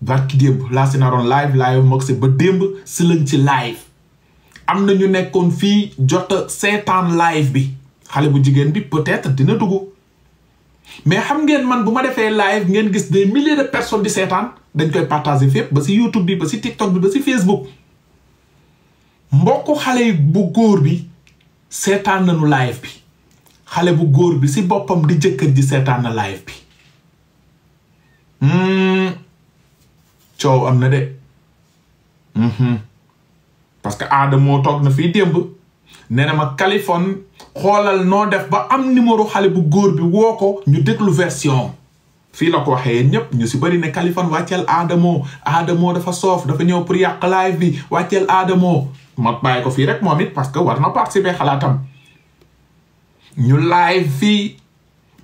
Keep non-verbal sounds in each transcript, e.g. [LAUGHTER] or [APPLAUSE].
barki démb laa si naroon live live mook si ba démb si lañ ci live am na ñu nekkoon fii jot seetaan live bi xale bu jigéen bi peut-être dina dugg mais xam ngeen man bu ma defee live ngeen gis des milliers de personnes di seetaan dañ koy partager fépp ba si YouTube bi ba si TikTok bi ba si Facebook mbokk xale bu góor bi seetaan nañu live bi xale bu góor bi si boppam di jëkkër ji seetaan na live bi. Hmm. coow am na de mhm. parce que aada moo toog na fii démb nee na ma Kaliphone xoolal noo def ba am numéro xale bu góor bi woo ko ñu déglu version fii la ko waxee yéen ñëpp ñu si bëri ne Kaliphone wàcceel Adamo Adamo dafa soof dafa ñëw pour yàq live bi wàcceel Adamo ma bàyyi ko fii rek moom it parce que war na participer xalaatam ñu live fii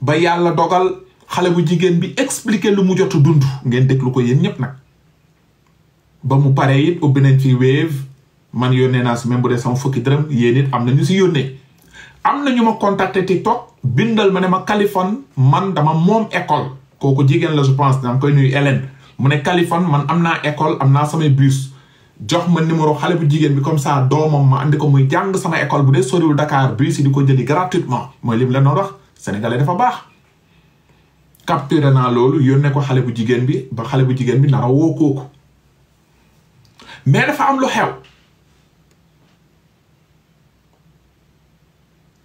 ba yàlla dogal xale bu jigéen bi expliquer lu mu jotu dund ngeen déglu ko yéen ñëpp nag ba mu paree it ubbi nañ fi Wave man yónnee naa si même bu sama fukki dërëm yéen it am na ñu si yónnee am na ñu ma contacter TikTok bindal ma ne ma Kaliphone man dama moom école kooku jigéen la je pense dama koy nuyu mu ne Kaliphone man am naa école am naa samay bus jox ma numéro xale bu jigéen bi comme ça doomam ma andi ko muy jàng sama école bu dee soriwul Dakar bus si di ko jëli gratuitement mooy lim la noonu wax sénégalais dafa baax. capturé naa loolu yónnee ko xale bu jigéen bi ba xale bu jigéen bi nara woo kooku mais dafa am lu xew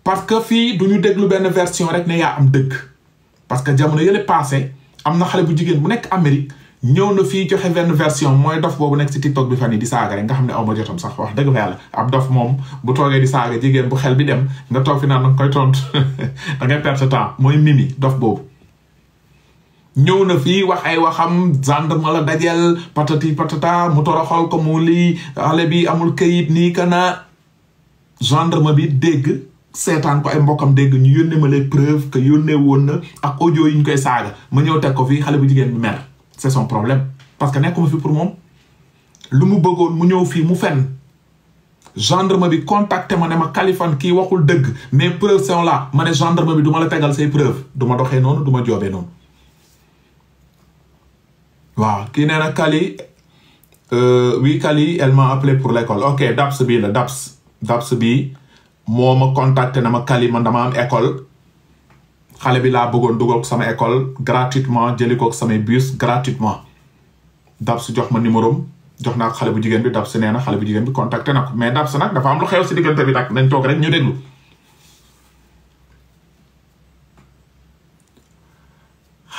parce que fii du ñu déglu benn version rek ne yaa am dëgg parce que jamono yële passé am na xale bu jigéen bu nekk Amérique ñëw na fii joxe benn version mooy dof boobu nekk ci TikTok bi fan yi di saaga rek nga xam ne aw ma jotam sax wax dëgg fa yàlla ab dof moom bu toogee di saaga jigéen bu xel bi dem nga toog fi naan nga koy tontu [LAUGHS] da perte temps mooy mimi dof boobu. ñëw na fii wax ay waxam gendarme la dajel patati patata mu toroxal ko mu lii xale bi amul kayit nii kana gendarme bi dégg seetaan ko ay mbokkam dégg ñu yónnee ma les preuves que yónnee woon na ak audio yi ñu koy saaga ma ñëw teg ko fii xale bu jigéen bi mer c'est son problème parce que nekk nekkuma fi pour moom lu mu bëggoon mu ñëw fii mu fenn gendarme bi contacté ma ne ma Kaliphone kii waxul dëgg mais preuves sont la ma ne gendarme bi duma la tegal say preuves du ma doxee noonu du ma joobee noonu waaw kii nee na Kali euh, oui Kali element m'a appelé pour l'école ok DAPS bii la DAPS DAPS bii moo ma contacté na ma Kali man dama am école xale bi laa bëggoon dugal sama école gratuitement jëli ko samay bus gratuitement DAPS jox ma numéro jox naa ko xale bu jigéen bi DAPS nee na xale bu jigéen bi contacté na ko mais DAPS nag dafa am lu xew si diggante bi nag nañ toog rek ñu déglu.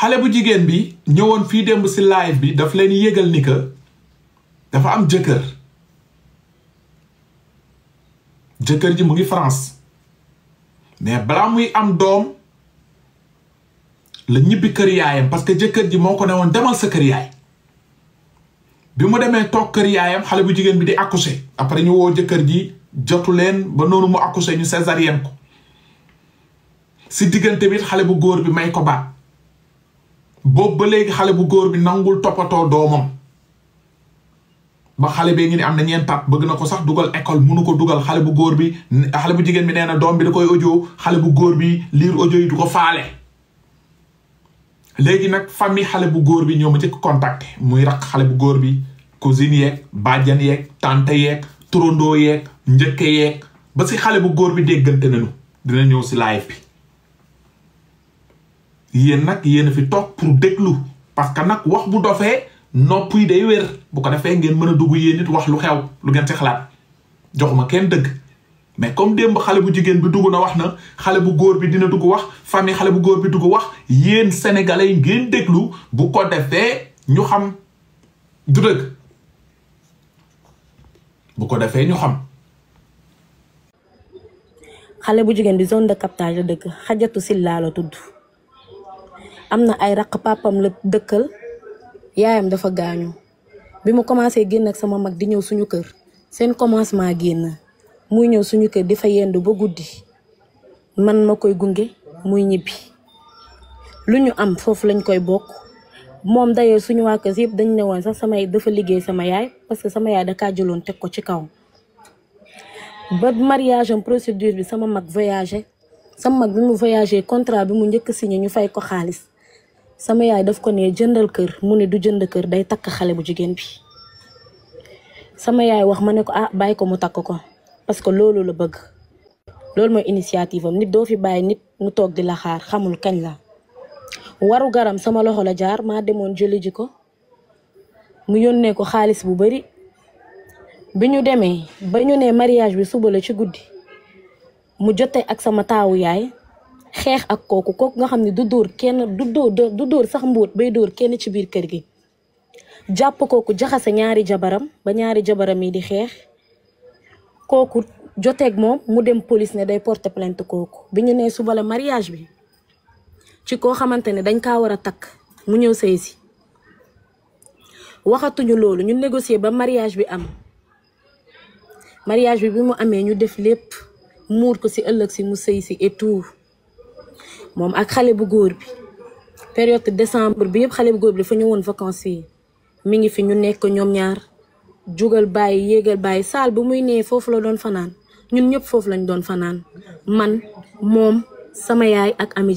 xale bu jigéen bi ñëwoon fii démb si live bi dafa leen yégal ni que dafa am jëkkër jëkkër ji mu ngi France mais balaa muy am doom la ñibbi kër yaayam parce que jëkkër ji moo ko ne woon demal sa kër yaay bi mu demee toog kër yaayam xale bu jigéen bi di accoucher après ñëwoo woo jëkkër ji jotu leen ba noonu mu accoucher ñu césarienne ko si diggante bi xale bu góor bi may ko baat boobu ba léegi xale bu góor bi nangul toppatoo doomam ba xale bee ngi ni am na ñeent bëgg na ko sax dugal école mënu ko dugal xale bu góor bi xale bu jigéen bi nee na doom bi da koy audio xale bu góor bi liir audio yi du ko faale léegi nag famille xale bu góor bi ñoo ma njëkk contacté muy raq xale bu góor bi cousine yeeg bàjjan yeeg tante yeek turandoo yeek njëkk yeek ba si xale bu góor bi déggante nañu dina ñëw si live bi yéen nag yéen fi toog pour déglu parce que nag wax bu dofee nopp yi day wér bu ko defee ngeen mën a dugg yéen it wax lu xew lu ngeen ci xalaat joxuma kenn dëgg mais comme démb xale bu jigéen bi dugg na wax na xale bu góor bi dina dugg wax famille xale bu góor bi dugg wax yéen sénégalais yi ngeen déglu bu ko defee ñu xam du bu ko defee ñu xam. xale bu jigéen bi zone de captage la dëkk xajatu si la tudd. am na ay raq papam la dëkkal yaayam dafa gaañu bi mu commencé génn ak sama mag di ñëw suñu kër seen commencement génn muy ñëw suñu kër di fa yendu ba guddi man ma koy gunge muy ñibbi lu ñu am foofu lañ koy bokk moom d'ailleurs suñu waa kër yëpp dañ ne woon sax samay dafa liggéey sama yaay parce que sama yaay da kaa jëloon teg ko ci kaw ba mariage am procédure bi sama mag voyagé sama mag bi mu voyagé contrat bi mu njëkk signé ñu fay ko xaalis sama yaay daf ko ne jëndal kër mu ne du jënd kër day takk xale bu jigéen bi sama yaay wax ma ne ko ah bàyyi ko mu takk ko parce que loolu la bëgg loolu mooy initiative am nit doo fi bàyyi nit mu toog di la xaar xamul kañ la waru garam sama loxo la jaar maa demoon jëli ji ko mu yónnee ko xaalis bu bari bi ñu demee ba ñu nee mariage bi suba la ci guddi mu jotee ak sama taawu yaay xeex ak kooku kooku nga xam ne du dóor kenn du dóor du dóor sax mbóot bay dóor kenn ci biir kër gi jàpp kooku jaxase ñaari jabaram ba ñaari jabaram yi di xeex kooku joteeg moom mu dem police ne day porter plainte kooku bi ñu nee suba la mariage bi ci koo xamante ne dañ kaa war a takk mu ñëw sëy si waxatuñu loolu ñu négocier ba mariage bi am mariage bi bi mu amee ñu def lépp muur ko ci ëllëg si mu sëy si et tout moom ak xale bu góor bi période décembre bi yëpp xale bu góor bi dafa ñëwoon vacances fii mi ngi fi ñu nekk ñoom ñaar jugal bàyyi yéegal bàyyi saal bu muy nee foofu la doon fanaan ñun ñëpp foofu lañ doon fanaan man moom sama yaay ak Ami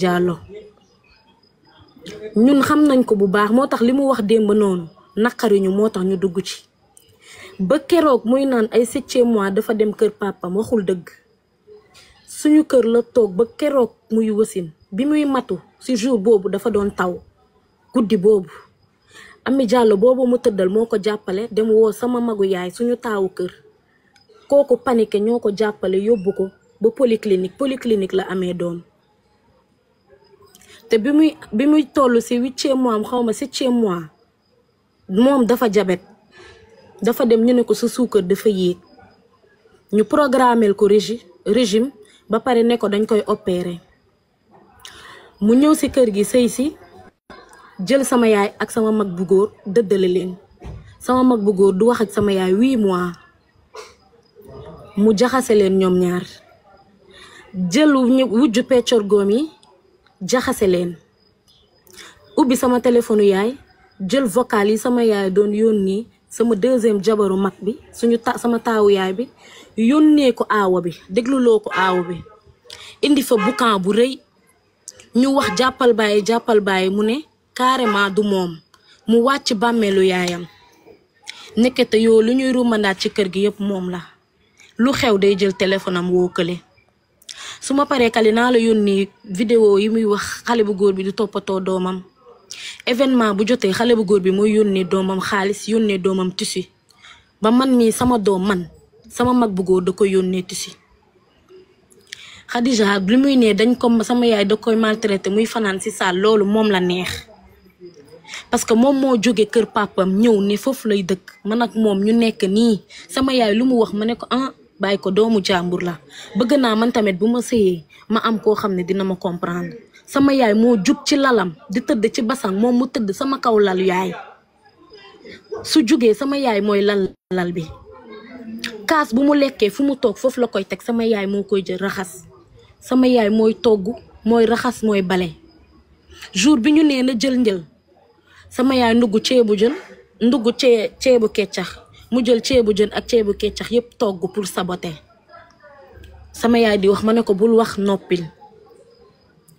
ñun xam nañ ko bu baax moo tax li mu wax démb noonu naqariñu moo tax ñu dugg ci ba keroog muy naan ay septième mois dafa dem kër papam waxul dëgg suñu kër la toog ba keroog muy wasin bi muy matu ci jour boobu dafa doon taw guddi boobu Ami Diallo boobu mu tëddal moo ko jàppale dem woo sama magu yaay suñu taawu kër kooku panike ñoo ko jàppale yóbbu ko ba polyclinique polyclinique la amee doom te bi muy bi muy toll ci huitième mois am xaw ma septième mois moom dafa jabet dafa dem ñu ne ko sa suukar dafa yéeg ñu programmel ko régi régime ba pare ne ko dañ koy opeere mu ñëw si kër gi sëy si jël sama yaay ak sama mag bu góor dëddale leen sama mag bu góor du wax ak sama yaay huit mois mu jaxase leen ñoom ñaar jël wujju peccor goom yi jaxase leen ubbi sama téléphone yaay jël vocal yi sama yaay doon yónni sama deuxième jabaru mag bi suñu ta sama taawu yaay bi yónnee ko aawa bi dégluloo ko aawa bi indi fa boucan bu rëy ñu wax jàppal bàyyi jàppal mu ne carrément du moom mu wàcc bàmmeelu yaayam nekkete yoo lu ñuy rumandaat ci kër gi yépp moom la lu xew day jël téléphone am woo kële su ma paree kali yónni vidéo yi muy wax xale bu góor bi di toppatoo doomam événement bu jotee xale bu góor bi mooy yónnee doomam xaalis yónnee doomam tissu ba man mii sama doom man sama mag bu góor da koy yónnee tissu Khadija lu muy ne dañ ko sama yaay da koy maltraité muy fanaan ci saal loolu moom la neex parce que moom moo jóge kër papam ñëw ne foofu lay dëkk man ak moom ñu nekk nii sama yaay lu mu wax ma ne ko ah bàyyi ko doomu jàmbur la bëgg naa man tamit bu ma sëyee ma am koo xam ne dina ma comprendre sama yaay moo jug ci lalam di tëdd ci basang moom mu tëdd sama kaw lal yaay su jugee sama yaay mooy lal lal bi kaas bu mu lekkee fu mu toog foofu la koy teg sama yaay moo koy jël raxas sama yaay mooy togg mooy raxas mooy bale jour bi ñu neena jël njël sama yaay ndugg ceebu jën ndugg cee ceebu keccax mu jël ceebu jën ak ceebu keccax yépp togg pour saboter sama yaay di wax ma ne ko bul wax noppil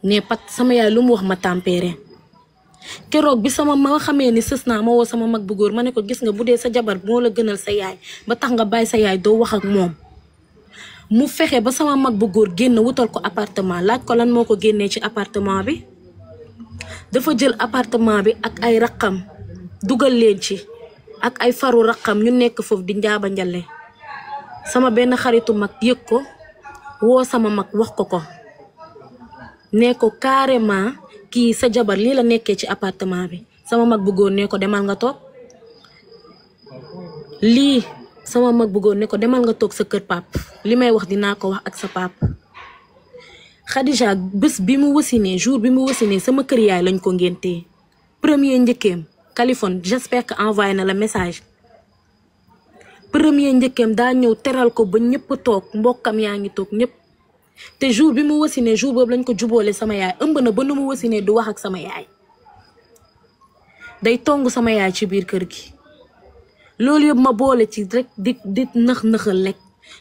ne pat sama yaay lu mu wax ma tempéré keroog bi sama ma xamee ni sës naa ma woo sama mag bu góor ma ne ko gis nga bu dee sa jabar moo la gënal sa yaay ba tax nga bàyyi sa yaay doo wax ak moom mu fexe ba sama mag bu góor génn wutal ko appartement laaj ko lan moo ko génnee ci apartement bi dafa jël apartement bi ak ay raqam dugal leen ci ak ay faru raqam ñu nekk foofu di njaaba njale sama benn xaritu mag yëg ko woo sama mag wax ko ko ne ko carrément kii sa jabar lii la nekkee ci appartement bi sama mag bu góor ne ko demal nga toog lii sama mag bu góor ne ko demal nga toog sa kër pap li may wax dinaa ko wax ak sa pap Khadija bés bi mu wasinee jour bi mu wasinee sama kër yaay lañ ko ngéntee premier njëkkeem Kaliphone j'espère que envoyé na la message premier njëkkeem daa ñëw teral ko ba ñëpp toog mbokkam yaa ngi toog ñëpp te jour bi mu wasinee jour boobu lañ ko jubóole sama yaay ëmb na ba nu mu wasinee du wax ak sama yaay day tong sama yaay ci biir kër gi loolu yëpp ma boole ci rek di di nëx nëxal lekk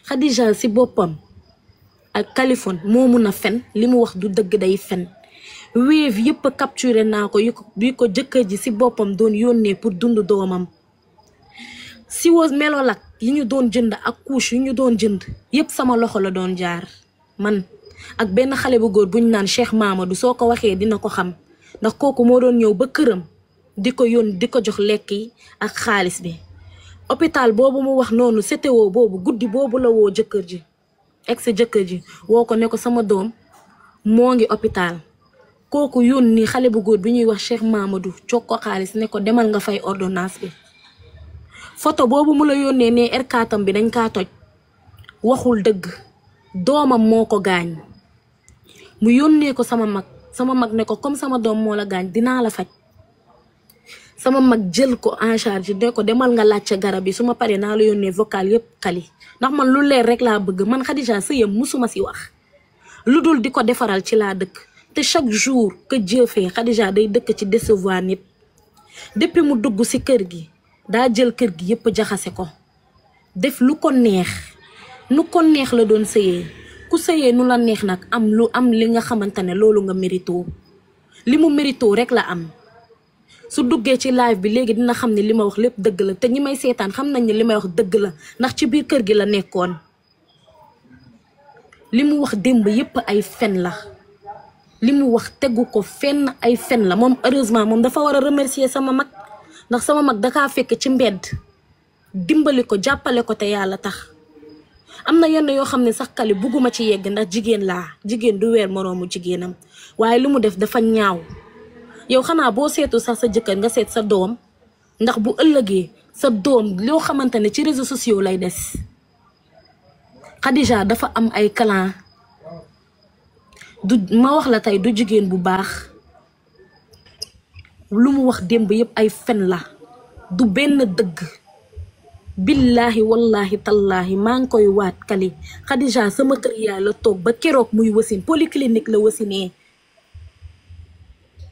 Khadija si boppam ak Kaliphone moo a fen li mu wax du dëgg day fen Wave yëpp naa ko yu ko ji si boppam doon yónnee pour dund doomam si woos melolak yi ñu doon jënd ak couche yu ñu doon jënd yépp sama loxo la doon jaar man ak benn xale bu góor bu ñu naan Cheikh Mamadou soo ko waxee dina ko xam ndax kooku moo doon ñëw ba këram di ko yónni di ko jox lekk yi ak xaalis bi hôpital boobu mu wax noonu seetewoo boobu guddi boobu la woo jëkkër ji sa jëkkër ji woo ko ne ko sama doom moo ngi hôpital kooku yónni xale bu góor bi ñuy wax Cheikh Mamadou jox ko xaalis ne ko demal nga fay ordonnance bi photo boobu mu la yónnee ne erkaatam bi dañ kaa toj waxul dëgg doomam moo ko gaañ mu yónnee ko sama mag sama mag ne ko comme sama doom moo la gaañ dinaa la faj sama mag jël ko en charge de ko demal nga laaj laajte garab yi su ma paree naa la yónnee vocal yëpp kali ndax man lu leer rek laa bëgg man Khadija sëyam musuma si wax lu dul di ko defaral ci laa dëkk te chaque jour que Dieu fait day dëkk ci décevoir nit depuis mu dugg si kër gi daa jël kër gi yëpp jaxase ko def lu ko neex nu ko neex la doon sëyee ku sëyee nu la neex nag am lu am li nga xamante ne loolu nga mérito li mu mérito rek la am su duggee ci live bi léegi dina xam ne li ma wax lépp dëgg la te ñi may seetaan xam nañ ne li may wax dëgg la ndax ci biir kër gi la nekkoon li mu wax démb yépp ay fen la li mu wax tegu ko fenn ay fen la moom heureusement moom dafa war a remercier sama mag ndax sama mag dakaa fekk ci mbedd dimbali ko jàppale ko te yàlla tax am na yenn yoo xam ne sax kali bugguma ci yegg ndax jigéen laa jigéen du weer moroomu jigéenam waaye lu mu def dafa ñaaw yow xanaa boo seetu sax sa jëkkër nga seet sa doom ndax bu ëllëgee sa doom loo xamante ne ci réseaux sociaux lay des Khadija dafa am ay clan du ma wax la tey du jigéen bu baax lu mu wax démb yépp ay fen la du benn dëgg billaahi wallaahi tallaahi maa ngi koy waat kali Khadija sama kër yaay la toog ba keroog muy wasin polyclinique la wasinee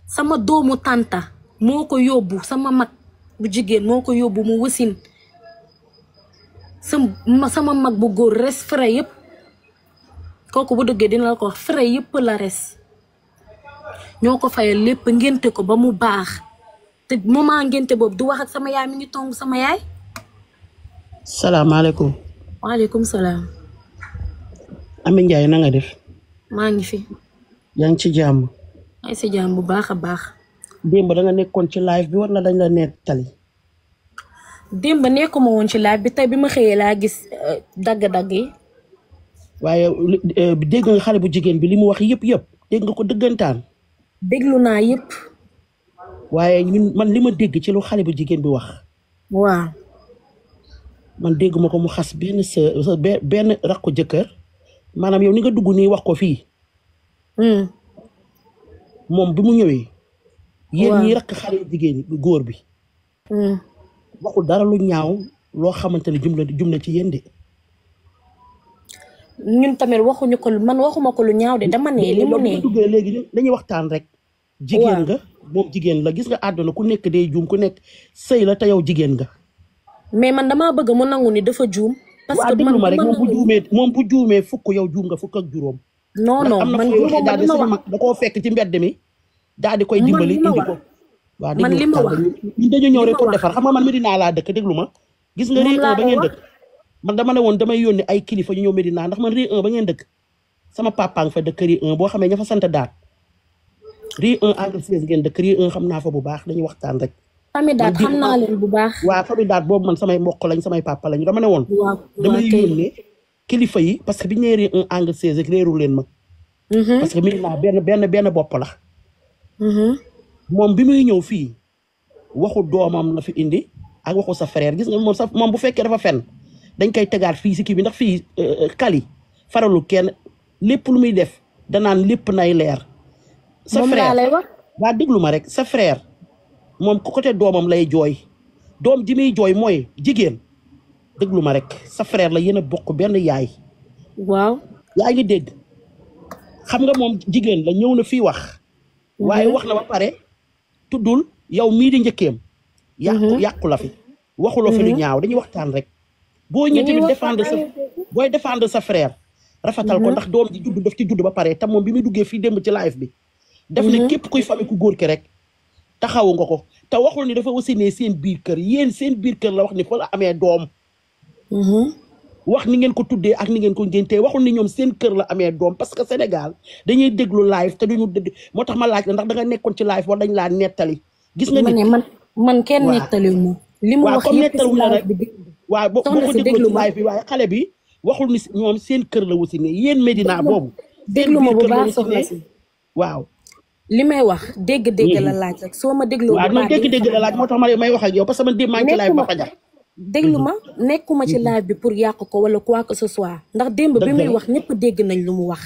sama doomu tànta moo ko yóbbu sama mag bu jigéen moo ko yóbbu mu wasin sama mag bu góor res frais yëpp kooku bu dëggee dina la ko wax frais yëpp la res ñoo ko fayal lépp ngénte ko ba mu baax te moment ngénte boobu du wax ak sama yaay mi ngi tongu sama yaay salaamaaleykum. waaleykum salaam. Amy Ndiaye na def. maa ngi fi. yaa ngi ci jàmb maa bu baax a baax. démb da nga nekkoon ci live bi na dañ la nettali. démb nekkuma woon ci live bi tey bi ma xëyee laa gis euh, dagg-dagg waaye euh, dégg nga xale bu jigéen bi li mu wax yépp yëpp dégg nga ko dëggantaan. déglu naa yépp waaye ñun man li ma dégg ci lu xale bu jigéen bi wax. waaw. man dégguma ko mu xas benn sa benn rakku jëkkër maanaam yow ni nga dugg nii wax ko fii. Hmm. moom bi mu ñëwee. yéen ñii rakk xale jigéen góor bi. Hmm. waxul dara lu ñaaw loo xamante ne jumla jumla ci yéen de. ñun tamit waxuñu ko man waxuma ko lu ñaaw de da ne li mu duggee léegi dañuy waxtaan rek. jigéen nga moom jigéen la gis nga àdduna ku nekk day juum ku nekk sëy la te yow jigéen nga. mais man damaa bëgg mu nangu ni dafa juum. parce que man ma rek moom bu juumee moom bu juumee fukk yow juum nga fukk ak juróom. non non man juumoo daal di sama mag da koo fekk ci mi. daal di koy dimbali indi ko man li ma wax ñun dañu ñëw rek pour defar xam nga man Medina laa dëkk déglu ma. gis nga ré 1 ba ngeen dëkk. man dama ne woon damay yónni ay kilifa ñu ñëw Medina ndax man ré 1 ba ngeen dëkk. sama papa nga fa dëkk ré 1 boo xamee ña fa sant daal. ré 1 engrais ngeen dëkk ré 1 xam naa fa bu baax dañuy waxtaan rek famille daat xam bu baax. waaw famille daat boobu man samay mbokk lañ samay papa lañ dama ne woon. waaw damay yónnee kilifa yi parce que bi ñu réer un angle rek réeru leen ma. Mm-hmm. parce mi naa benn benn benn bopp la. Mm-hmm. bi muy ñëw fii waxu doomam la fi indi ak waxu sa frère gis nga moom sa moom bu fekkee dafa fen dañ koy tegaat fii si kii bi ndax fii euh, euh, kali faralu kenn lépp lu muy def danaan lépp nay leer. sa frère waa déglu ma rek sa frère. moom ku côté doomam lay jooy doom ji muy jooy mooy jigéen déglu ma rek sa frère la yéen a bokk benn yaay. waaw ngi dégg xam nga moom jigéen la ñëw na fii wax. Mhm. waaye wax na ba pare tuddul yow mii di njëkkeem. yàqu mhm. yàqu la fi. waxuloo fi lu mhm. ñaaw dañuy waxtaan rek. boo ñëwee tamit défendre sa booy défendre sa frère. rafetal ko ndax doom ji judd daf judd ba pare tam moom bi muy duggee fii dem ci live bi. def na képp kuy famille ku góor ki rek. taxawu nga ko te waxul ni dafa aussi ne seen biir kër yéen seen biir kër la wax ni fa la amee doom. Mhm. wax ni ngeen ko tuddee ak ni ngeen ko ngéntee waxul ni ñoom seen kër la amee doom parce que Sénégal dañuy déglu live te duñu moo tax ma laaj la ndax danga nekkoon ci live wala dañ nettali. gis nga ni man man kenn nettaliw ma. li mu wax yëpp si live bi waaw boo ko déglu bi waaye xale bi waxul ni ñoom seen kër la aussi ne yéen Medina boobu. déglu ma bu baax soxna si waaw li may wax dégg-dégg la mm-hmm. laaj rek soo ma dégloo. waaw man dégg-dégg la laaj moo tax ma may wax ak yow parce que man démb maa ngi ci live ba fajar. déglu ma mm-hmm. nekkuma ci mm-hmm. live bi pour yàq ko wala quoi que ce soit. ndax démb bi muy wax ñëpp dégg nañ lu mu wax.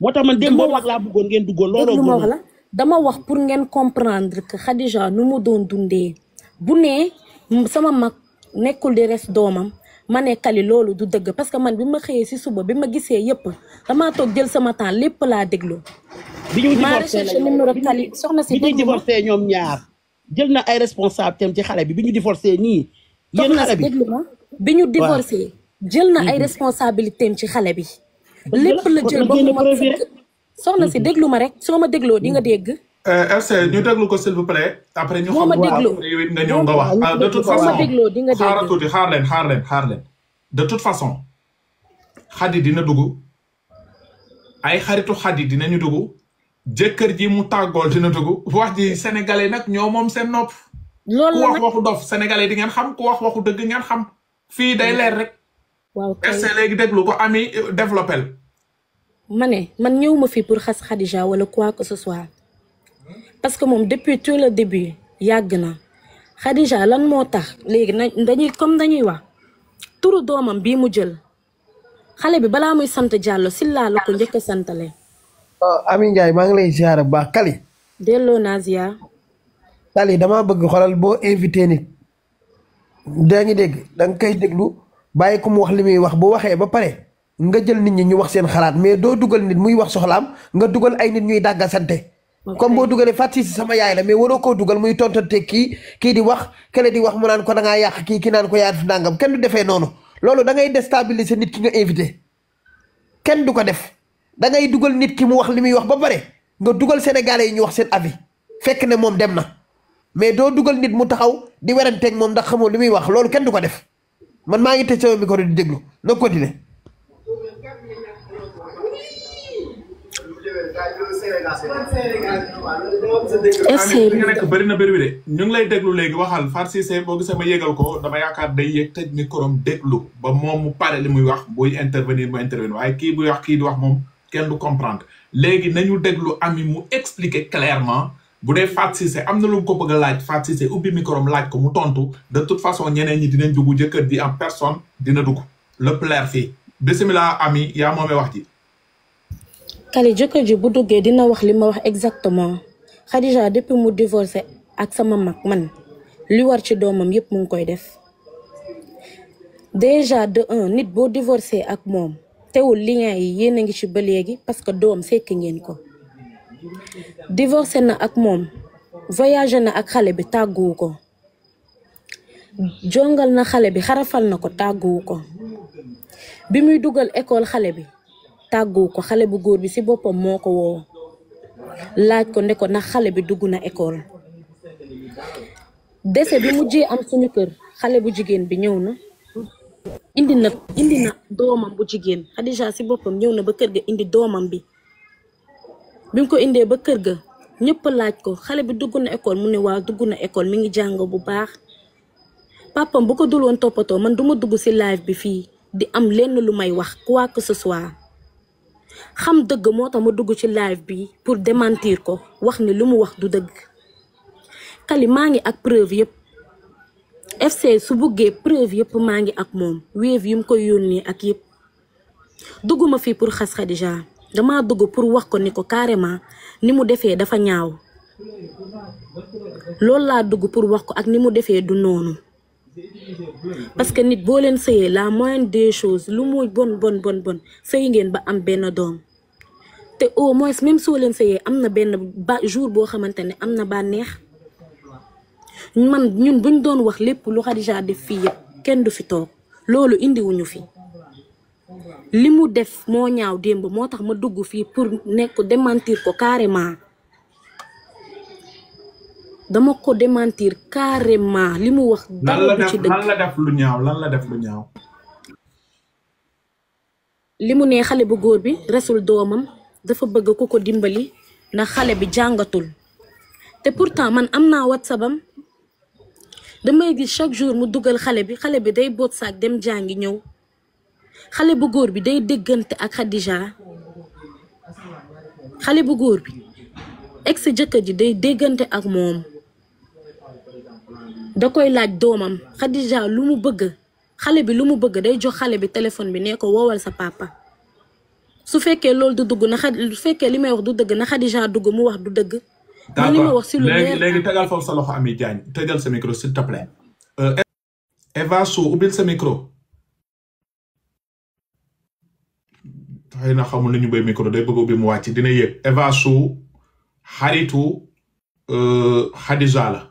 moo tax man démb boobu laa bëggoon ngeen duggoon looloo lu ma wax la dama wax pour ngeen comprendre que Khadija nu mu doon dundee bu nee sama mag nekkul di res doomam ma ne Kali loolu du dëgg parce que man bi ma xëyee si suba bi ma gisee yëpp damaa toog jël sama temps lépp laa déglu. bi ñu divorcé numéro soxna si ñoom ñaar jël na ay responsabilités ci xale bi bi ñu divorcé nii. yéen xale bi déglu ma bi ñu divorcé jël na ay mm-hmm. responsabilités ci xale bi. lépp la jël ba ma soxna si mm-hmm. déglu ma rek soo ma dégloo di nga mm-hmm. dégg. Euh, FC ñu déglu ko s'il vous plaît. après ñu xam nga ñëw nga wax. Ah, de toute façon xaaral tuuti xaar leen xaar leen xaar leen. de toute façon xadi dina dugg ay xaritu xadi ñu duggu jëkkër ji mu tàggool dina dugg wax ji sénégalais nag ñoo moom seen nopp. loolu ku wax waxu dof sénégalais di ngeen xam ku dëgg ngeen xam fii day leer rek. waaw FC léegi déglu ko ami développé. ma ne man ñëw ma fi pour xas Khadija wala quoi que ce soit. parce que moom depuis tout le début yàgg na Khadija lan moo tax léegi na dañuy comme dañuy wax turu doomam bii mu jël xale bi balaa muy sant jàll Diallo Silla la ko njëkk a santale. Euh, Ami Ndiaye maa ngi lay ziar bu baax Kali. delloo naa ziar. Kali damaa bëgg xolal boo invité nit. daa ngi dégg danga nga koy déglu bàyyi ko mu wax li muy wax boo waxee ba pare nga jël nit ñi ñu wax seen xalaat mais doo dugal nit muy wax soxlaam nga dugal ay nit ñuy dàggasante. comme boo dugalee fàttali si sama yaay la mais waroo koo dugal muy tontante kii kii di wax kele di wax mu naan ko da yàq kii ki naan ko yaa def ndàngam kenn du defee noonu loolu da ngay déstabiliser nit ki nga invité kenn du ko def da ngay dugal nit ki mu wax li muy wax ba pare nga dugal sénégalais yi ñu wax seen avis fekk ne moom dem na mais doo dugal nit mu taxaw di weranteeg moom ndax xamoo li muy wax loolu kenn du ko def man maa ngi tëj sama micro di déglu na continuer essai bi nga na bëri bi de ñu ngi lay déglu léegi waxal Farci Seye boo gisee ma yégal ko dama yaakaar day teg tëj micro déglu ba moom mu pare li muy wax buy intervenir mu intervenir waaye kii buy wax kii di wax moom kenn du comprendre léegi nañu déglu ami mu expliquer clairement bu dee Farci Seye am na lu mu ko bëgg laaj Farci Seye ubbi micro laaj ko mu tontu de toute façon ñeneen ñi dinañ duggu jëkkër ji en personne dina dugg le plaire fii bisimilah ami yaa moomee wax ji. Kali jëkkër ji bu duggee dina wax li ma wax exactement Khadija depuis mu divorcé ak sama mag man li war ci doomam yépp mu ngi koy def déjà de un nit boo divorcé ak moom teewul lien yi yéen a ngi ci ba léegi parce que doom sekki ngeen ko divorcé na ak moom voyagé na ak xale bi tàgguwu ko jongal na xale bi xarafal na ko tàgguwu ko bi muy dugal école xale bi tàggu ko xale bu góor bi ci boppam moo ko woo laaj ko ne ko ndax xale bi dugg na école dese bi mujjee am suñu kër xale bu jigéen bi ñëw na indi na indi na doomam bu jigéen Xadija ci boppam ñëw na ba kër ga indi doomam bi bi mu ko indee ba kër ga ñëpp laaj ko xale bi dugg na école mu ne waaw dugg na école mi ngi jàng bu baax papam bu ko duloon toppatoo man duma dugg ci live bi fii di am lenn lu may wax quoi que ce soit xam dëgg moo tax ma dugg ci live bi pour demantir ko wax ne lu mu wax du dëgg Kali maa ngi ak preuve yëpp FC su buggee preuve yëpp maa ngi ak moom Wave yi mu koy yónnee ak yépp dugguma fi pour xas Khadija dama dugg pour wax ko ni ko carrément ni mu defee dafa ñaaw loolu laa dugg pour wax ko ak ni mu defee du noonu parce que nit boo leen sëyee la moindre des choses lu mooy bon bon bon bon sëy ngeen ba am benn doom te au moins même soo leen sëyee am na benn ba jour boo xamante ne am na bànneex man ñun buñ doon wax lépp lu Khadija def fii yëpp kenn du fi toog loolu indiwuñu fi li mu def moo ñaaw démb moo tax ma dugg fii pour nekku démentir ko carrément dama ko démentir carrément li mu wax. dara du ci dëgg lan la lu ñaaw li mu ne xale bu góor bi resul doomam dafa bëgg ku ko dimbali ndax xale bi jàngatul te pourtant man am naa whatsapp am damay gis chaque jour mu dugal xale bi xale bi day boot saak dem jàngi ñëw xale bu góor bi day déggante ak Khadija xale bu góor bi ex jëkkër ji day déggante ak moom da koy laaj doomam Khadija lu mu bëgg xale bi lu mu bëgg day jox xale bi téléphone bi nee ko woowal sa papa su fekkee loolu du dugg na xa fekkee li may wax du dëgg na Khadija dugg mu wax du dëgg. d'accord li ma wax si lu leer léegi léegi tegal foofu sa loxo Ami Diagne tegal sa micro s'il te plaît. Euh, Eva Sow ubbil sa micro. xëy na xamul nañu bay micro day bëgg ubbi mu wàcc dina yëg Eva Sow xaritu euh, Khadija la.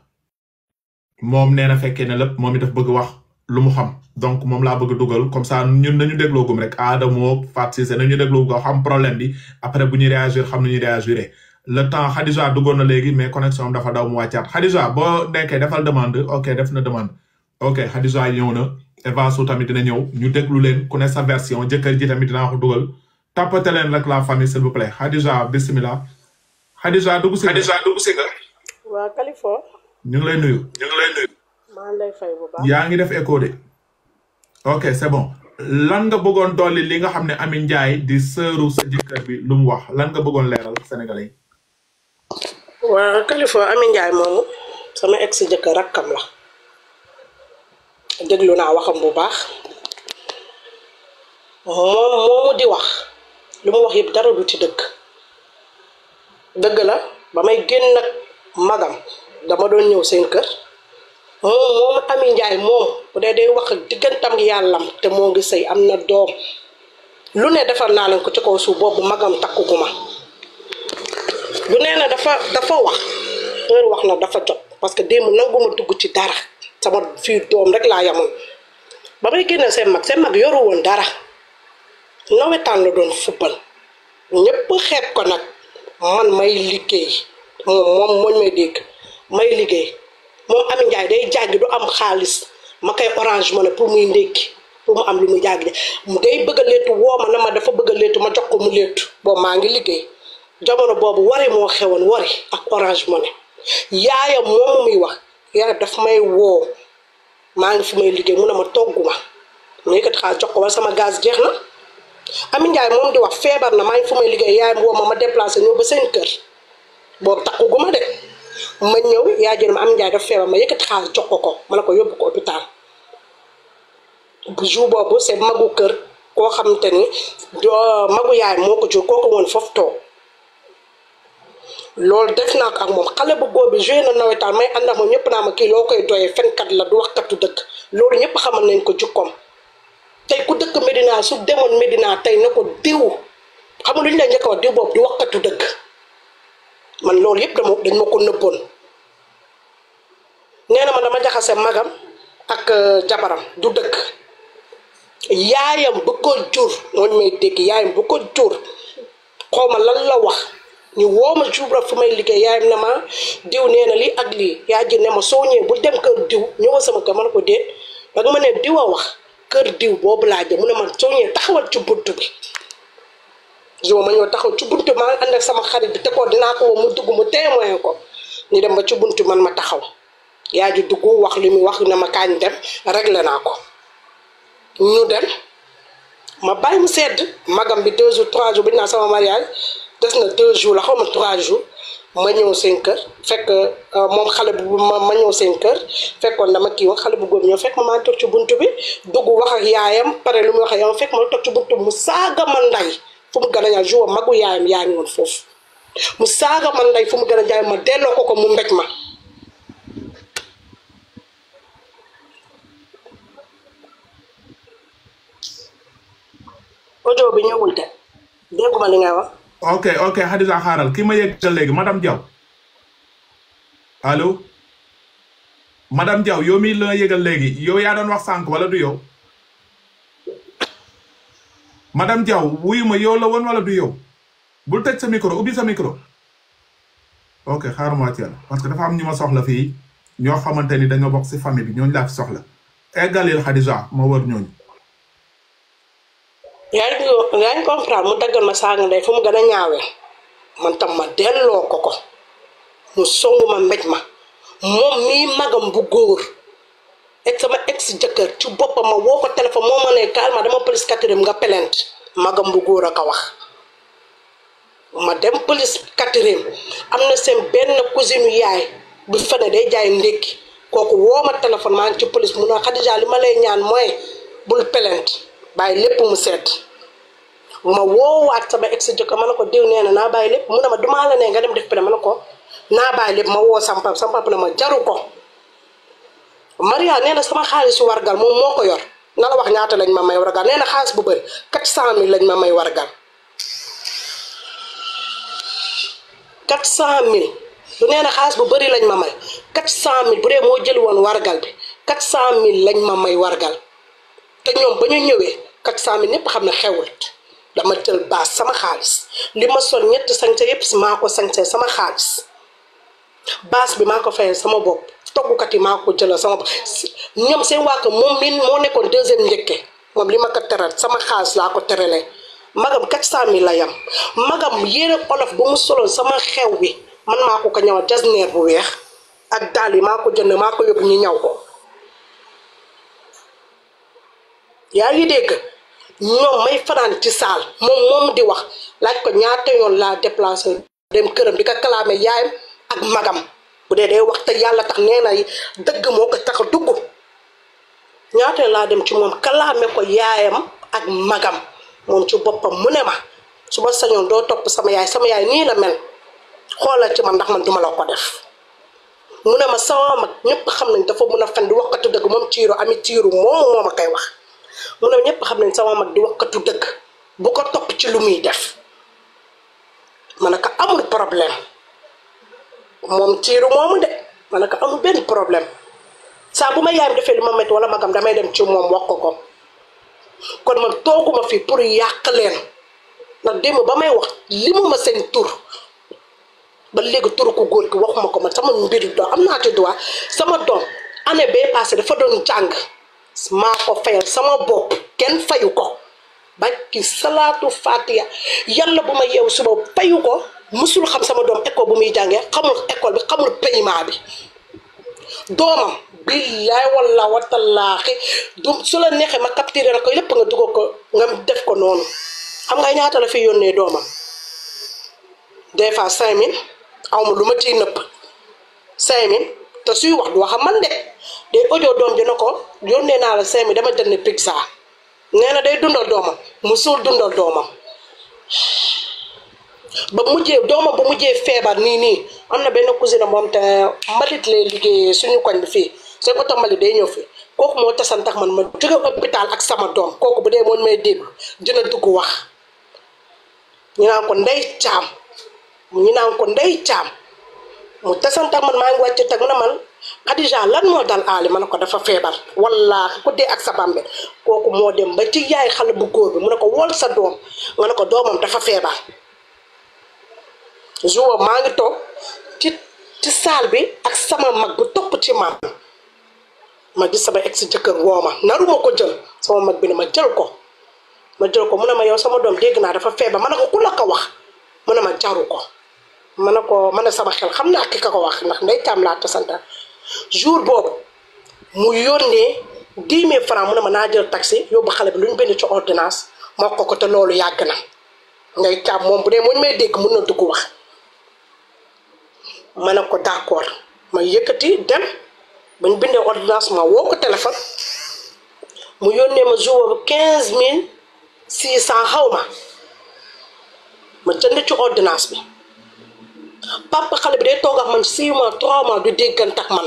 moom nee na fekkee ne lépp moom it daf bëgg wax lu mu xam donc moom laa bëgg dugal comme ça ñun nañu dégloo gum rek Adamo Fatou Cissé nañu dégloo gum xam problème bi après bu ñuy réagir xam nañu réagiré le temps Khadija duggoon na léegi mais connexion am dafa daw mu wàccaat Khadija boo nekkee defal demande ok def na demande ok Khadija ñëw na Eva Sow tamit dina ñëw ñu déglu leen ku ne sa version jëkkër ji tamit dinaa ko dugal tapate leen rek la famille s'il vous plaît Khadija bismillah Khadija dugg ñu ngi lay nuyu. ñu lay nuyu. yaa ngi def écho de. ok c' lan nga bëggoon dolli li nga xam ne Amy Ndiaye di sëru sa jëkkër bi lu mu wax lan nga bëggoon leeral Sénégalais yi. waaw Kaliphone Amy Ndiaye moomu sama ex jëkkër rakkam la déglu naa waxam bu baax moom moomu di wax lu mu wax yëpp dara du ci dëgg dëgg la ba may génn magam. dama doon ñëw seen kër moom oh, moom Ami Njaay moom bu dee day wax ak diggantam yàllam te moo ngi sëy am na doom lu ne defar naa leen ko ci kaw suuf boobu magam takkuguma bu nee na dafa dafa wax heure wax na dafa jot parce que démb nanguma dugg ci dara sama fii doom rek laa yamoon ba may génne seen mag seen mag yoru woon dara nawetaan la doon fubbal ñépp xeeb ko nag man may liggéey moom moom mooñ may dégg may liggéey moom Ami Ndiaye day jàngi du am xaalis ma koy orange ma ne pour muy ndékki pour mu am lu muy jàngi day bëgg a léttu ma na ma bëgg a léttu ma jox ko mu léttu boobu maa ngi liggéey jamono boobu wari moo xewoon wari ak orange ma ne yaayam moom wax yara daf may woo maa ngi fu may liggéey mu ne ma togguma ma yëkkati xaalis jox ko wala sama gaz jeex na Ami Ndiaye moom di wax feebar na maa ngi fi may liggéey yaayam woo ma ma déplacé ñëw ba seen kër boobu takkuguma de ma ñëw yaa jël ma am njaay daf feebar ma yëkkati xaalis jox ko ko ma ko yóbbu ko hôpital jour boobu c'est magu kër koo xamante ni magu yaay moo ko jur kooku woon loolu def naa ak moom xale bu góor bi joué na nawetaan may ànd ak moom ñëpp naa kii loo koy doyee fenkat la du waxkatu dëkk loolu ñëpp xamal nañ ko jukkoom tey ku dëkk Medina su demoon Medina tey na ko diw xam nga lu ñu lay njëkk a wax diw boobu du waxkatu dëkk. man loolu yëpp dama dañ ma ko nëbboon nee na ma dama jaxase magam ak euh, jabaram du dëkk yaayam bu ko jur mooñ may dégg yaayam bu ko jur xaw ma lan la wax ñu woo ma jubra fu may liggéey yaayam na ma diw nee na lii ak lii yaa ji ne ma soo bu dem kër diw ñëwal sama kër ko déet ba ma ne diw a wax kër diw boobu laa jëm mu ne man soo ñëwee taxawal ci bunt bi jour ma ñëw taxaw ci buntu ma ànd ak sama xarit bi te ko dinaa ko woo mu dugg mu témoin ko ñu dem ba ci buntu man ma taxaw yaa ji dugg wax li mu wax na ma kaañ dem réglé naa ko ñu dem ma bàyyi sedd magam bi deux jours trois jours bi naa sama mariage des na deux jours la xaw ma trois jours ma ñëw seen kër fekk euh, moom xale bu ma ma ñëw seen kër fekkoon dama kii wax xale bu góob ñëw fekk maa toog ci buntu bi dugg wax ak yaayam pare lu muy wax ak yaayam fekk ma toog ci buntu bi mu saaga ma ndey foofu mu gën a ñaaw jour magu yaayam yaa ngi woon foofu mu saaga man ndey fu mu gën a jaay ma delloo ko ko mu mbéj ma audio bi ñëwul de dégguma li nga wax ok ok Hadiza xaaral ki ma yeggal léegi madame Diaw allo madame Diaw yow mii la yëgal léegi yow yaa doon wax sànq wala du yow madame Diaw wuyu ma yow la woon wala du yow bul tëj sa micro ubbi sa micro ok xaaruma ci yàlla parce que dafa am ñu ma soxla fii ñoo xamante ni dañoo bokk si famille bi ñooñu laa fi soxla eggalil Xadija ma wër ñooñu. yaa ngi mu daggal ma saaga ndey fu mu gën a ñaawee man tam ma delloo ko mu songu ma mbéj ma moom mii magam bu góor. ex sama ex jëkkër ci boppam ma woo ko téléphone moo ma ne calme dama police quatrième nga pelent magam bu góor a ko wax ma dem police quatrième am benn cousine yaay bu fene day jaay ndékki kooku woo ma téléphone maa ngi ci police mu ne Khadija li ma lay ñaan mooy bul pelent bàyyi lépp mu sedd ma woowaat sama ex jëkkër ma ne ko diw nee na naa bàyyi lépp mu ne ma dumaa la ne nga dem def pelent ma ne ko naa bàyyi lépp ma woo sama papa sama papa ne ma jaru ko Maria nee na sama xaalisu wargal moom moo ko yor na wax ñaata lañ ma may wargal nee na xaalis bu bëri 400000 lañ ma may wargal 400000 lu nee na xaalis bu bëri lañ ma may 400000 bu dee moo jël woon wargal bi 400000 lañ ma may wargal te ñoom ba ñu ñëwee 400000 ñëpp xam ne xewut dama jël baas sama xaalis li ma sol ñett sañse yëpp maa ko sañse sama xaalis. baas bi maa ko fayal sama bopp toggukat yi maa ko jëlal sama bopp ñoom seen waa moom mi moo nekkoon deuxième njëkke moom li ma ko teral sama xaalis laa ko teralee magam 400000 la yam magam yére olof xew bi man maa ko ko bu weex ak daal yi maa ko ñu ñaw ko yaa ngi dégg ñoom may saal moom moom di wax laaj ko ñaata yoon laa déplacé dem këram di ko kalaame yaayam ak magam bu dee day wax te yàlla tax nee na dëgg moo ko tax a dugg ñaata laa dem ci moom kalaame ko yaayam ak magam moom ci boppam mu ne ma su ma sañoon doo topp sama yaay sama yaay nii la mel xoolal ci man ndax man duma la ko def mu ne ma sama mag ñëpp xam nañ dafa mun a fen di waxkatu dëgg moom ciiru ami ciiru moomu moo ma koy wax mu ne ñëpp xam nañ sama mag di waxkatu dëgg bu ko topp ci lu muy def ma ne ko amul problème moom ciiru moomu de ma ne ko benn problème saa bu ma yaayam defee lu ma métti wala magam damay dem ci moom wax ko ko kon man tooguma fii pour yàq leen ndax démb ba may wax limuma seen tur ba léegi turu ku góor gi waxuma ko ma sama mbir doom am naa ci doit sama doom année bee passé dafa doon jàng maa ko fayal sama bopp kenn fayu ko ba ki salaatu fatiha yàlla bu ma yeew suba fayu ko musul xam sama doom école bu muy jàngee xamul école bi xamul paiement bi doomam billaay walla watallaaxi du su la neexee ma capturé la ko lépp nga dugal ko nga def ko noonu xam nga ñaata la fi yónnee doomam des fois cinq mille aw lu ma ciy nëpp cinq mille te suy wax du wax man de day audio doom ji na ko yónnee naa la cinq mille dama jënd pizza nee na day dundal doomam musul dundal doomam ba mujjee doomam ba mujjee feebar nii nii am na benn cousine moom te mbalit lay liggéeyee suñu koñ bi fii seen oto mbalit day ñëw fii kooku moo tasan tax man ma jóge hôpital ak sama doom kooku bu dee moon may dégg dina dugg wax ñu naan caam ñu naan ko caam mu tasan man maa ngi wàcc teg na man Xadija lan moo dal aali ma na ko dafa feebar wallaahi ku dee ak sa bambe kooku moo dem ba ci yaay xale bu góor bi mu ne ko wol sa doom nga ko doomam dafa feebar jour maa toog ci ci bi ak sama mag bu topp ma gis sama ex jëkkër woo ma naruma ko jël sama mag bi ne ma jël ko ma jël ko mu ne ma yow sama doom dégg naa dafa feebar ma ne ko ku la ko wax mu ne ma jaru ko ma ne ko ma ne sama xel xam naa ki wax ndax ndey taam laa tasanta jour boobu mu yónnee dix mille francs mu ne ma naa jël taxi yóbbu xale bi luñ ñu bind ci ordonnance ma ko ko te loolu yàgg na ngay taam moom bu dee moo ñu may dégg mën na dugg wax ma ne ko d'accord ma yëkkati dem bañ bindee ordonnance ma woo ko téléphone mu yónnee ma jour boobu quinze mille six cent xaw ma ma jënd ci ordinance bi papa xale bi day toog ak man six mois trois mois du déggante ak man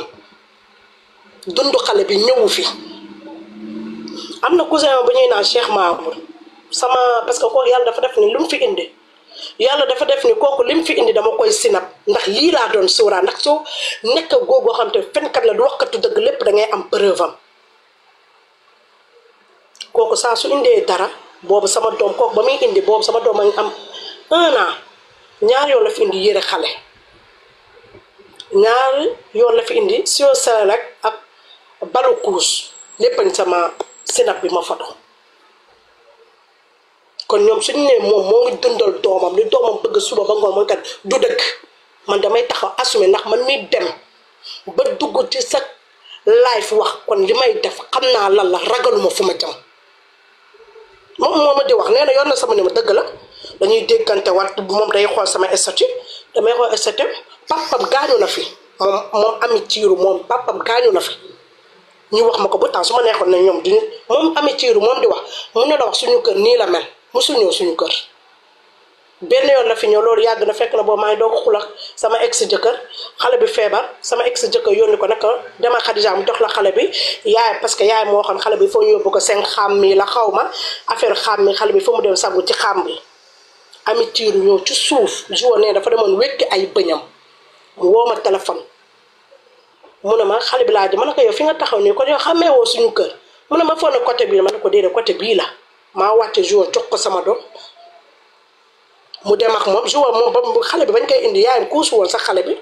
dund xale bi ñëwu fi am na cousin ba ñuy naan Cheikh Mamour sama parce que kooku yàlla dafa def ni lu mu fi indi yàlla dafa def ni kooku lim fi indi dama koy sinap ndax lii laa doon suuraa ndax soo nekk googoo xam te fenkat la du waxkatu dëgg lépp da ngay am preuve am kooku dara boobu sama doom ba muy indi sama doom a am un ñaar yoon la fi indi yére xale ñaar yoon la fi indi sio sel rek ak balu kuus lépp sama sinap bi ma foto kon ñoom suñ ne moom moo ngi dundal doomam li doomam bëgg suba ba ngoon man kat dëkk man damay taxaw assumer ndax man mi dem ba dugg ci sa life wax kon li may def xam naa lan la ragaluma fu ma jëm moom moo di wax nee na yor na sama numéro dëgg la dañuy déggante wat moom day xool sama statut damay xool na fi moom moom ciiru moom papam gaañu na fi ñu wax ko ba temps su ma neexoon ne ñoom duñu moom ami ciiru moom di wax mun na la wax suñu kër nii la mel musul ñëw suñu kër benn yoon la fi ñëw loolu yàgg na fekk na boo maa ngi doog xulak sama ex si jëkkër xale bi feebar sama ex jëkkër yónni ko naka dama Xadija mu jox la xale bi yaay parce que yaay moo xam xale bi foo ñu ko cinq xam mi la xaw ma affaire xam mi xale bi fa mu dem ci xam bi ami tiiru suuf jiwoon ne dafa demoon wékki ay bëñam mu woo ma téléphone mu ne ma xale bi laa di ma ne ko yow fi nga taxaw nii kon yow xamee suñu kër mu ne ma foo ne côté bii ma ne ko déedéet côté bii la maa wàcce joueur jox ko sama doom mu dem ak moom joueur moom ba xale bi bañ koy indi yaayam kuusu woon sax xale bi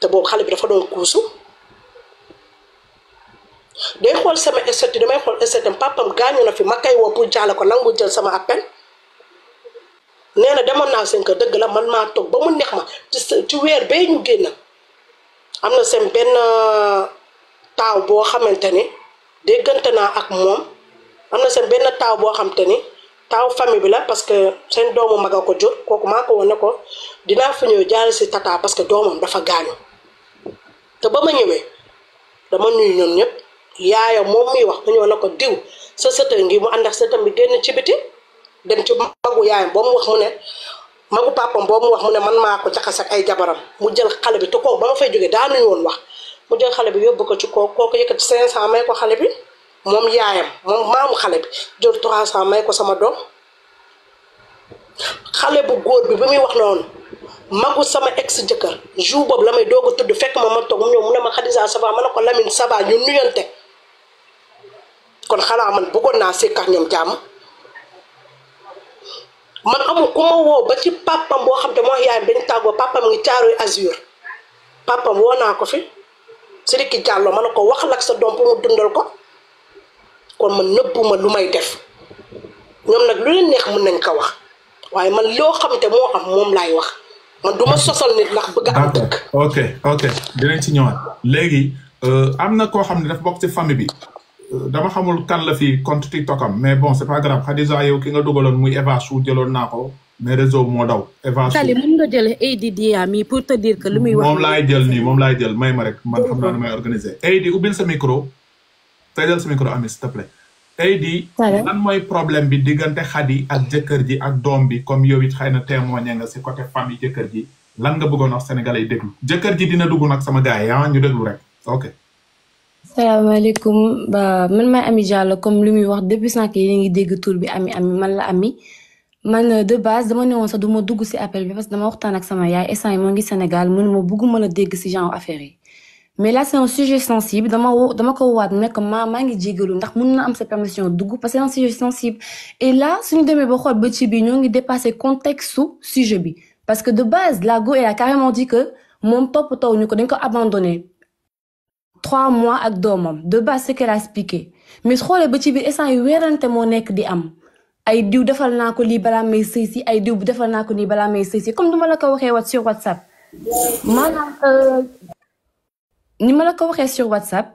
te boobu xale bi dafa doon kuusu dee xool sama statut damay xool statut papam gaañu na fi ma koy woo pour jaale ko nangu jël sama appel nee na demoon naa seen kër dëgg la man maa toog ba mu neex ma ci weer bee ñu génn am na seen benn taaw boo xamante ni déggante naa ak moom am na seen benn taaw boo xam te ni taaw famille bi la parce que seen doomu mag ko jur kooku maa ko woon ko dinaa fa ñëw jaare si tata parce que doomam dafa gaañu te ba ma ñëwee dama nuyu ñoom ñëpp yaayam moom muy wax dañoo ne ko diw sa sëta ngi mu ànd ak bi génn ci biti dem ci magu yaayam boo mu wax ne magu papam boo mu wax mu ne man maa ko jaxas ak ay jabaram mu jël xale bi te kooku ba ma fay jógee daanuñu woon wax mu jël xale bi yóbbu ko ci kooku kooku yëkkati 500 may ko xale bi. moom yaayam moom maamu xale bi jël trois cent may ko sama doom xale bu góor bi ba muy wax noonu magu sama ex jëkkër jour boobu la may doog a tudd fekk ma ma toog mu ñëw mu ne ma Khadija ça va ma ne ko Lamine ça va ñu nuyante kon xanaa man bëggoon naa sékkax ñoom jàmm man amul ku ma woo ba ci papam boo xam te moo yaayam dañ tàggoo papam ngi caaroy azur papam woo naa ko fi Sidiki Diallo ma ne ko wax ak sa doom dundal ko kon man nëbbuma lu may def ñoom nag lu leen neex mën nañ ko wax waaye man loo xam te moo am moom laay wax man du ma sosal nit ndax bëgg am dëkk. ok ok dinañ ci ñëwaat léegi euh, am na koo xam ne dafa bokk ci famille bi euh, dama xamul kan la fi compte TikTok am mais bon c'est pas grave Khadija yow ki nga dugaloon muy Eva Sou jëloon naa ko mais réseau moo daw. Eva Sou Tali mën nga jël Aidi Dia moom laay jël nii moom laay jël may ma rek man xam naa ne may organiser Aidi ubbil sa micro. tëjal sa micro ami s'il te plaît tey di lan mooy problème bi diggante xadi ak jëkkër ji ak doom bi comme yow it xëy na témoigné nga si côté famille jëkkër ji bëggoon wax sénégalais yi déglu jëkkër ji dina dugg nag sama gars yi ah ñu déglu rek ok salaamaaleykum ba man maay Ami Diallo comme li muy wax depuis sànq yéen ngi dégg tur bi ami ami man la ami man euh, de base dama ne woon sax du ma dugg si appel bi parce que dama waxtaan ak sama yaay instant moo ngi Sénégal mu ne ma bëgguma la dégg si genre affaire yi mais là c'est un sujet sensible dama woo ko waat ne maa maa ngi jégalu ndax mun na am sa permission dugg parce que c'est un sujet sensible et là suñu demee ba xool ba ci bi ñoo ngi dépassé contexte su sujet bi parce que de base la go elle a carrément dit que moom toppatoo ñu ko dañ ko abandonné trois mois ak doomam de base ce qu'elle a expliqué mais xoolee ba ci biir instant yu weerante moo nekk di am ay diw defal naa ko li balaa may sëy si ay diw bu defal naa ko nii balaa may sëy si comme du ma la ko waxee wat sur WhatsApp maanaam euh, ni ma la ko waxee sur whatsapp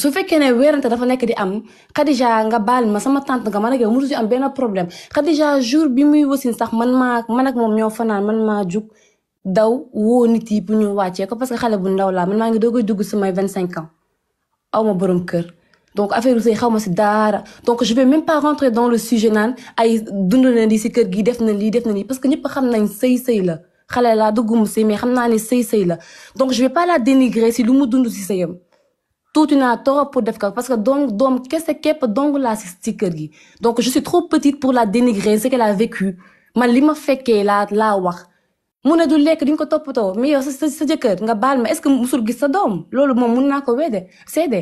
su fekkee ne weerante dafa nekk di am Khadija nga baal ma sama tant nga ma ak yow mosu si am benn problème Khadija jour bi muy wasin sax man maa man ak moom ñoo fanaan man maa jug daw woo nit yi bu ñu wàccee ko parce que xale bu ndaw laa man maa ngi doog a dugg samay 25 ans aw ma borom kër. donc affaire sëy xaw ma si daara donc je même pas rentrer dans le sujet naan ay dund na lii si kër gi def na lii def na lii parce que ñëpp xam nañ sëy sëy la. xale laa dugguma sëy mais xam naa ne sëy sëy la donc je vais pas la dénigrer si lu mu dund si sëyam tuuti naa trop pour def ko parce que donc doom kese képp dong laa si si kër gi donc je suis trop petite pour la dénigrer ce qu'elle a vécu man li ma fekkee laa laa wax mu ne du lekk duñ ko toppatoo mais yow sa sa jëkkër nga baal ma est-ce que musul gis sa doom loolu moom mun naa ko weede seede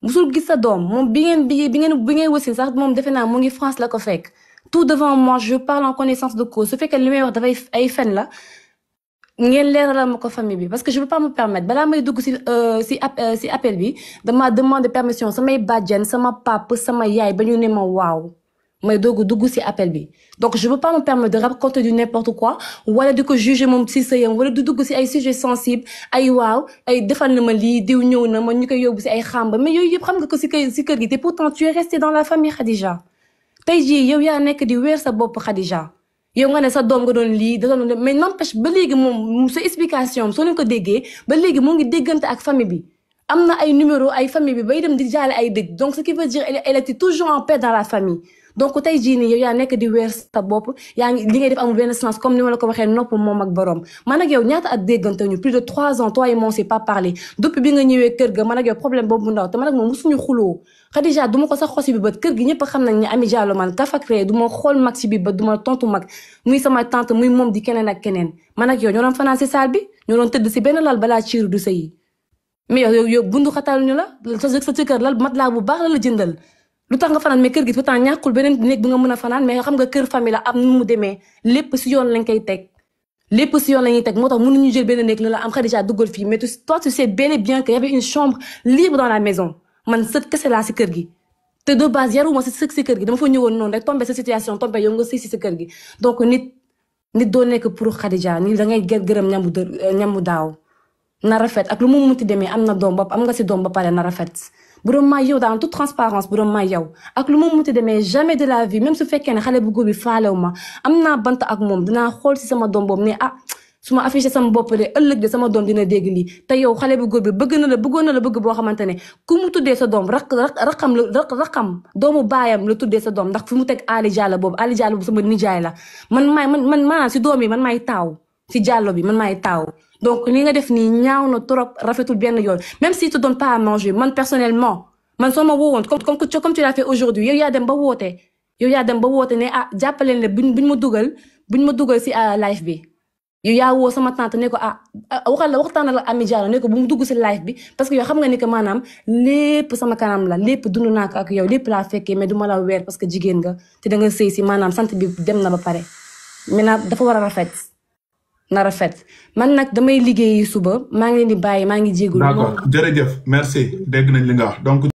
musul gis sa doom moom bi ngeen bi ngeen bi ngeen wëssin sax moom defe naa mu ngi France la ko fekk tout devant moi je parle su fekkee li may wax dafay ay fen la ngeen leeralal ma ko famille bi parce que je peux pas me permettre balaa may dugg si euh, si euh, si appel bi dama demander permission samay bàjjen sama pap sama yaay ba ñu ne ma waaw may doog dugg si appel bi donc je peux pas me permettre de raconter du n'importe quoi wala di ko juger moom si sëyam wala di dugg si ay sujet sensible ay waaw ay defal na ma lii diw ñëw na ma ñu koy yóbbu si ay xamba mais yooyu yëpp xam nga ko si kër si kër gi te pourtant tu es resté dans la famille Khadija tey ji yow yaa nekk di weer sa bopp Khadija yow nga ne sa doom nga doon lii da doon mais n'empêche ba léegi moom sa explication soo leen ko déggee ba léegi moo ngi déggante ak famille bi am na ay numéro ay famille bi bay dem di jaal ay dëj donc ce qui veut dire elle était toujours en paix dans la famille donc tey jii nii yow yaa nekk di weer sa bopp yaa ngi li ngay def amul benn sens comme ni ma la ko waxee nopp moom ak borom man ak yow ñaata at déggante ñu plus de trois ans toi et on s'est pas parlé bi nga ñëwee kër ga man ak yow problème boobu ndaw te man ak moom musuñu xuloo ñëpp xam nañ ne Ami Diallo man kafakre du ma xool mag si ma muy sama tante muy moom di keneen ak keneen man ak yow ñoo doon fanaan si saal bi tëdd si benn lal balaa ciiru du sëyi mais yow yow bundu xataal ñu la sa sa kër lal mat laa bu baax la la jëndal lu tax nga fanaan mais kër gi pourtant ñàkkul beneen néeg bu nga mën a fanaan mais xam nga kër famille am nu mu demee lépp si yoon lañ koy teg lépp si yoon la ñuy teg moo tax mënuñu jël benn néeg la la am Khadija duggal fii mais toi tu sais bel et bien que y avait une chambre libre dans la maison man sët kese si kër gi te de base yaruma si sëg si kër gi dama fa ñëwoon noonu rek tombé sa situation tombé yow nga sëy sa kër gi donc nit nit doo nekk pour Khadija ni da ngay gër gërëm ñamu dë ñamu daaw na rafet ak lu mu munti demee am na doom ba am nga si doom ba pare na rafet bu doon may yow dans toute transparence bu doon may yow ak lu mu munti demee jamais de la vie même su fekkee ne xale bu bi faalew ma am naa bant ak moom dinaa xool si sama doom boobu ne ah su ma affiché sama bopp de ëllëg de sama doom dina dégg lii te yow xale bu góor bi bëgg na la bëggoon na la bëgg boo xamante ne ku mu tuddee sa doom raq raqam la raqam doomu baayam la tuddee sa doom ndax fu mu teg Ali Diallo boobu Ali Diallo boobu sama nijaay la man maay man man maanaam si doom yi man maay taaw si Diallo bi man maay taaw donc li nga def nii ñaaw na trop rafetul benn yoon même si tu donnes pas à manger man personnellement man soo ma woowoon comme comme comme tu l'as fait aujourd'hui yow yaa dem ba woote yow yaa dem ba woote ne ah jàppale ne buñ buñ ma dugal buñ ma dugal si ah, live bi. yow yaa woo sama tante ne ko ah, ah waxal la waxtaanal la Ami Diallo ne ko bu mu dugg si live bi parce que yow xam nga ni que maanaam lépp sama kanam la lépp dund naa ko ak yow lépp laa fekkee mais du ma la weer parce que jigéen nga te da nga sëy si maanaam sant bi dem na ba pare maintenant dafa war a rafet. na rafet man nag damay liggéeyi suba maa ngi di bàyyi maa ngi jégalu. d'accord jërëjëf merci dégg nañ li nga wax donc.